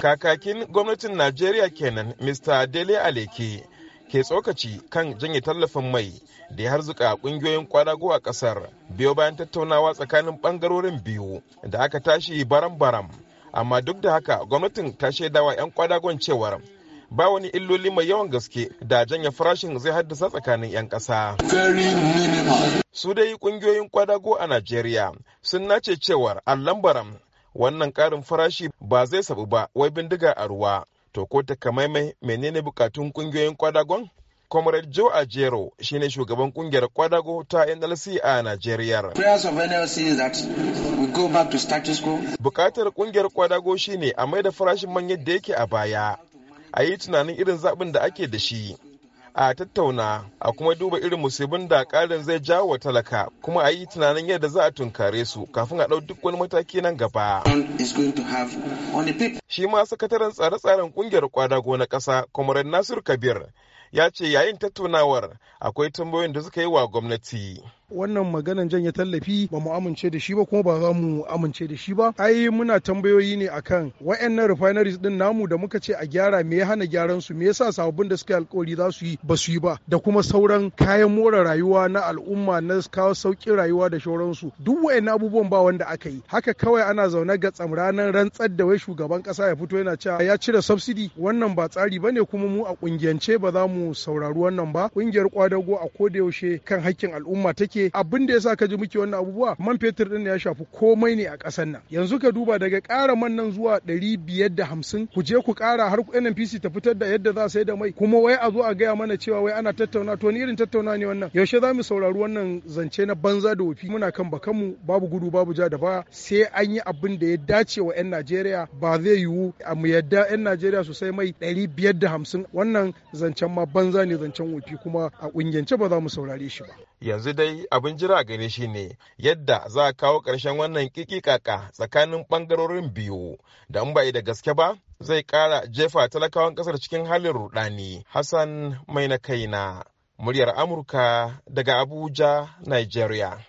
Kakakin gwamnatin Najeriya kenan Mr. Dele Aleke ke tsokaci kan janye tallafin mai da ya harzuka kungiyoyin kwadago a kasar biyo bayan tattaunawa tsakanin bangarorin biyu da aka tashi baram-baram amma duk da haka gwamnatin ta shaidawa 'yan kwadagon cewar ba wani illoli mai yawan gaske da janya farashin zai haddasa tsakanin 'yan ƙasa. Su dai ƙungiyoyin kwadago a Najeriya sun nace cewar allambaram wannan ƙarin farashi ba zai sabu ba wai bindiga a ruwa. To ko takamaimai menene bukatun ƙungiyoyin kwadagon? Comrade Joe Ajero shine shugaban kungiyar kwadago ta NLC a Najeriya. Bukatar kungiyar kwadago shine a mai da farashin man yadda yake a baya a yi tunanin irin zaɓin da ake da shi a tattauna a kuma duba irin musibin da ƙarin zai jawo wa talaka kuma a yi tunanin yadda za a tunkare su kafin a ɗau duk wani mataki nan gaba. Shi ma sakataren tsare-tsaren ƙungiyar kwadago na ƙasa, kwamarin Nasiru Kabir, ya ce yayin tattaunawar akwai tambayoyin da suka yi wa gwamnati. wannan maganan jan ya tallafi ba mu amince da shi ba kuma ba za mu amince da shi ba ai muna tambayoyi ne akan wayannan refineries din namu da muka ce a gyara me ya hana gyaran su me yasa sababbin da suka alkawari za su yi ba su yi ba da kuma sauran kayan more rayuwa na al'umma na kawo sauƙin rayuwa da shauransu duk wayannan abubuwan ba wanda aka yi haka kawai ana zaune ga tsamranan rantsar da wai shugaban ƙasa ya fito yana cewa ya cire subsidy wannan ba tsari ba bane kuma mu a ƙungiyance ba za mu saurari wannan ba Ƙungiyar kwadago a kodayaushe kan hakkin al'umma take yake abin da sa ka ji muke wannan abubuwa man fetur din ya shafi komai ne a ƙasar nan yanzu ka duba daga ƙara man nan zuwa ɗari biyar da hamsin ku je ku ƙara har ku NNPC ta fitar da yadda za sai da mai kuma wai a zo a gaya mana cewa wai ana tattauna to ni irin tattauna ne wannan yaushe za mu saurari wannan zance na banza da wofi muna kan bakanmu babu gudu babu ja da ba sai an yi abin da ya dace wa 'yan Najeriya ba zai yiwu a mu yadda 'yan Najeriya su sai mai ɗari biyar da hamsin wannan zancen ma banza ne zancen wofi kuma a ƙungiyance ba za mu saurare shi ba. yanzu dai abin jira gare shi ne yadda za a kawo ƙarshen wannan kikikaka tsakanin ɓangarorin biyu da in ba da gaske ba zai ƙara jefa talakawan ƙasar cikin halin rudani hassan mai na kaina muryar amurka daga abuja nigeria